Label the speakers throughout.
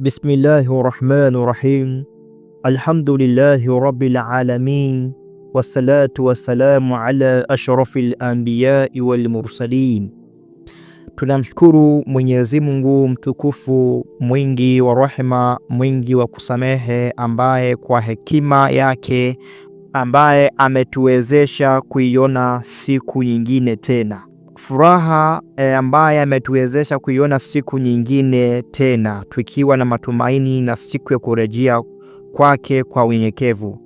Speaker 1: Bismillahi rahmani rahim, alhamdulillahi rabbil alamin, wassalatu wassalamu ala ashrafil anbiyai wal mursalin. Tunamshukuru Mwenyezi Mungu mtukufu mwingi wa rahma mwingi wa kusamehe, ambaye kwa hekima yake ambaye ametuwezesha kuiona siku nyingine tena furaha e, ambaye ametuwezesha kuiona siku nyingine tena, tukiwa na matumaini na siku ya kurejea kwake kwa unyenyekevu.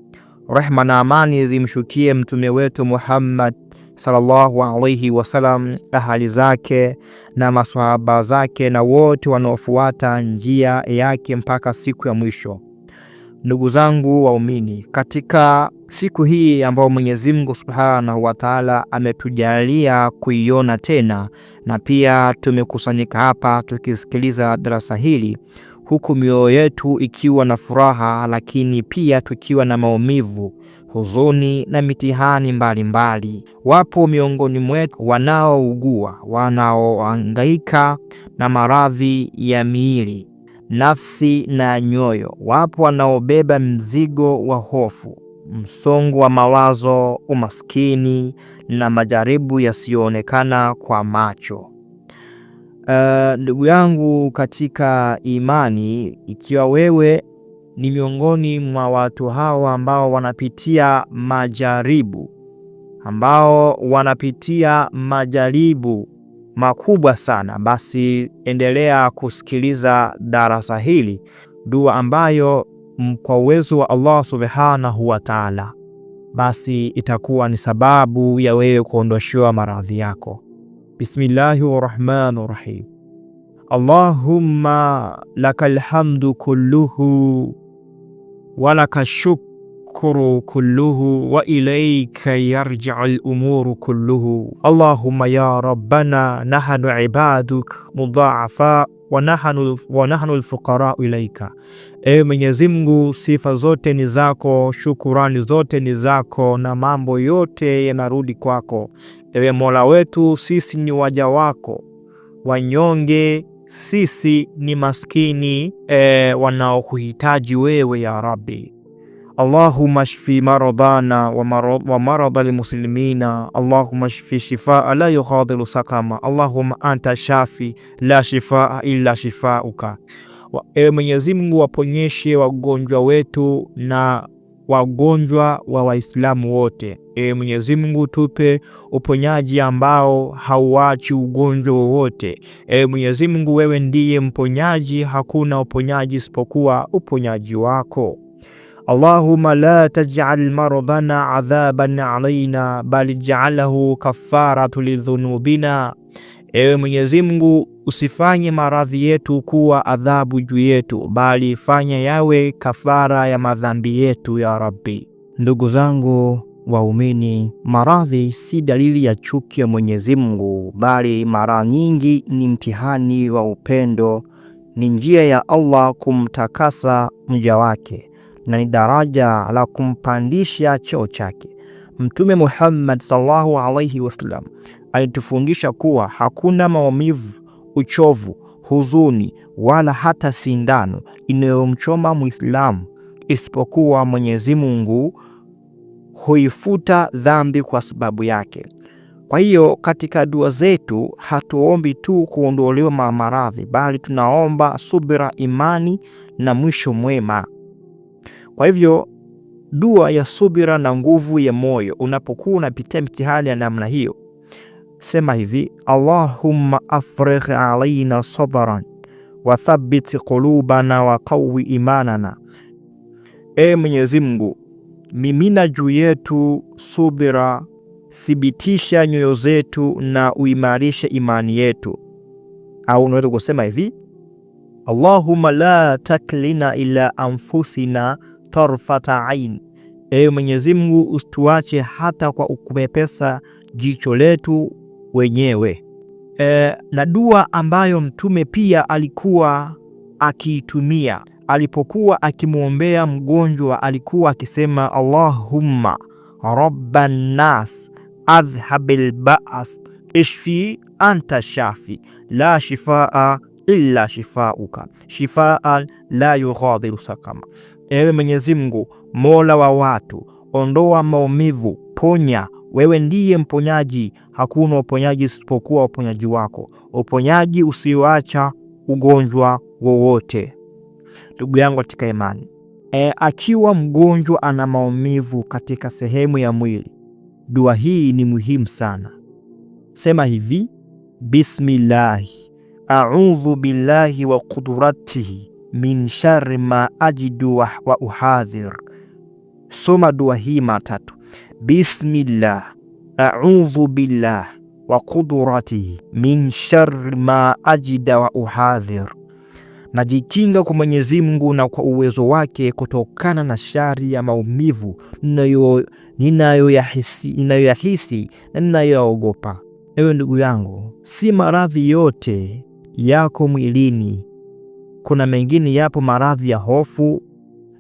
Speaker 1: Rehma na amani zimshukie mtume wetu Muhammad sallallahu alaihi wasallam, ahali zake na maswahaba zake na wote wanaofuata njia yake mpaka siku ya mwisho. Ndugu zangu waumini, katika siku hii ambayo Mwenyezi Mungu Subhanahu wa Ta'ala ametujalia kuiona tena, na pia tumekusanyika hapa tukisikiliza darasa hili huku mioyo yetu ikiwa na furaha, lakini pia tukiwa na maumivu, huzuni na mitihani mbalimbali mbali. Wapo miongoni mwetu wanaougua, wanaohangaika na maradhi ya miili, nafsi na nyoyo. Wapo wanaobeba mzigo wa hofu msongo wa mawazo, umaskini na majaribu yasiyoonekana kwa macho. Eh, ndugu yangu katika imani, ikiwa wewe ni miongoni mwa watu hawa ambao wanapitia majaribu ambao wanapitia majaribu makubwa sana, basi endelea kusikiliza darasa hili, dua ambayo kwa uwezo wa Allah subhanahu wa taala, basi itakuwa ni sababu ya wewe kuondoshewa maradhi yako. Bismillahi rahmani rahim. Allahumma lakal hamdu kulluhu wa lakal shukru kulluhu wa ilayka yarji'ul umuru kulluhu. Allahumma ya rabbana nahnu ibaduk mudha'afa wanahanu lfuqara ilaika, ewe Mwenyezi Mungu, sifa zote ni zako, shukurani zote ni zako, na mambo yote yanarudi kwako. Ewe Mola wetu, sisi ni waja wako wanyonge, sisi ni maskini e, wanaokuhitaji wewe ya Rabbi. Allahumma shfi maradana wa marada lmuslimina Allahumma shfi shifaa la yughadiru sakama Allahumma anta shafi la shifaa illa shifauka. Ewe Mwenyezi Mungu, waponyeshe wagonjwa wetu na wagonjwa wa Waislamu wote. Ewe Mwenyezi Mungu, tupe uponyaji ambao hauachi ugonjwa wowote. Ewe Mwenyezi Mungu, wewe ndiye mponyaji, hakuna uponyaji isipokuwa uponyaji wako. Allahumma la taj'al maradhana adhaban alaina bal ij'alhu kafaratu lidhunubina, ewe Mwenyezi Mungu usifanye maradhi yetu kuwa adhabu juu yetu, bali fanya yawe kafara ya madhambi yetu ya Rabbi. Ndugu zangu waumini, maradhi si dalili ya chuki ya Mwenyezi Mungu, bali mara nyingi ni mtihani wa upendo, ni njia ya Allah kumtakasa mja wake na ni daraja la kumpandisha cheo chake. Mtume Muhammad sallallahu alaihi wasallam alitufundisha kuwa hakuna maumivu, uchovu, huzuni wala hata sindano inayomchoma Muislamu isipokuwa Mwenyezi Mungu huifuta dhambi kwa sababu yake. Kwa hiyo katika dua zetu hatuombi tu kuondolewa maradhi, bali tunaomba subira, imani na mwisho mwema. Kwa hivyo dua ya subira na nguvu ya moyo, unapokuwa unapitia mtihani ya namna hiyo, sema hivi: Allahumma afrigh alaina sabran wa thabbit qulubana wa imanana, E Mwenyezi Mungu, mimina juu yetu subira, thibitisha nyoyo zetu na uimarishe imani yetu. Au unaweza kusema hivi Allahumma la taklina ila anfusina tarfata ain, ewe Mwenyezi Mungu usituache hata kwa ukupepesa jicho letu wenyewe. E, na dua ambayo mtume pia alikuwa akiitumia alipokuwa akimwombea mgonjwa alikuwa akisema Allahumma rabban nas adhhabil ba'as ishfi anta shafi la shifaa illa shifauka shifaa la yughadiru sakama. Ewe Mwenyezi Mungu, mola wa watu, ondoa maumivu, ponya. Wewe ndiye mponyaji, hakuna uponyaji isipokuwa uponyaji wako, uponyaji usioacha ugonjwa wowote. Ndugu yangu katika imani e, akiwa mgonjwa ana maumivu katika sehemu ya mwili, dua hii ni muhimu sana. Sema hivi: bismillahi audhu billahi wa qudratihi min shari ma ajidu wa, wa uhadhir. Soma dua hii matatu: bismillah audhu billah wa qudratihi min shari ma ajida wa uhadhir, najikinga kwa Mwenyezi Mungu na kwa uwezo wake kutokana na shari ya maumivu ya ninayoyahisi na ninayoyaogopa. Ewe ndugu yangu, si maradhi yote yako mwilini kuna mengine yapo maradhi ya hofu,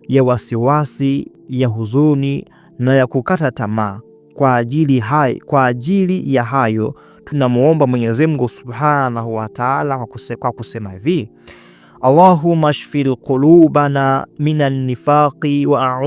Speaker 1: ya wasiwasi, ya huzuni na ya kukata tamaa. Kwa ajili, hai, kwa ajili ya hayo tunamuomba Mwenyezi Mungu Subhanahu wa Ta'ala kwa kusema, kusema hivi Allahumma shfil qulubana minan nifaqi wa,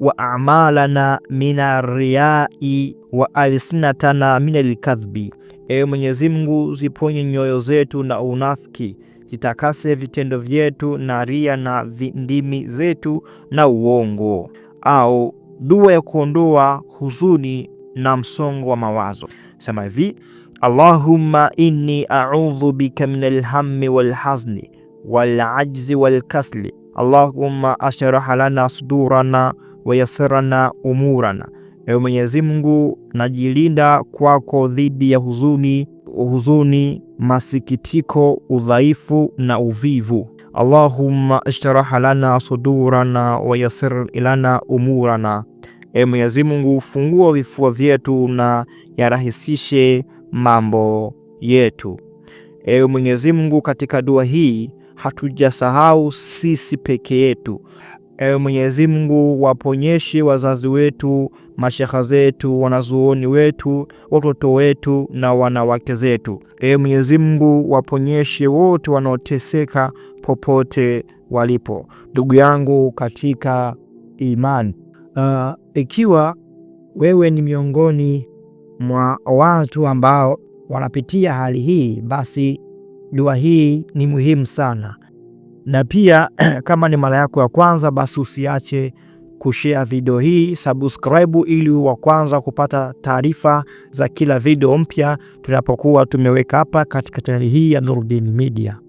Speaker 1: wa a'malana minar riyai wa alsinatana minal kadhbi. e Mwenyezi Mungu ziponye nyoyo zetu na unafiki Jitakase vitendo vyetu na ria na ndimi zetu na uongo. Au dua ya kuondoa huzuni na msongo wa mawazo, sema hivi: Allahumma inni a'udhu bika min alhammi walhazni walajzi walkasli Allahumma ashrah lana sudurana wayasirana umurana. Ewe Mwenyezi Mungu, najilinda kwako dhidi ya huzuni, huzuni masikitiko, udhaifu na uvivu. Allahumma ishrah lana sudurana wayasir ilana umurana, e Mwenyezi Mungu fungua vifua vyetu na yarahisishe mambo yetu. Ewe Mwenyezi Mungu, katika dua hii hatujasahau sisi peke yetu. Ewe Mwenyezi Mungu, waponyeshe wazazi wetu mashekha zetu, wanazuoni wetu, watoto wetu na wanawake zetu. Ee Mwenyezi Mungu, waponyeshe wote wanaoteseka popote walipo. Ndugu yangu katika imani, uh, ikiwa wewe ni miongoni mwa watu ambao wanapitia hali hii, basi dua hii ni muhimu sana, na pia kama ni mara yako ya kwanza, basi usiache kushare video hii, subscribe ili wa kwanza kupata taarifa za kila video mpya tunapokuwa tumeweka hapa katika chaneli hii ya Nurdin Media.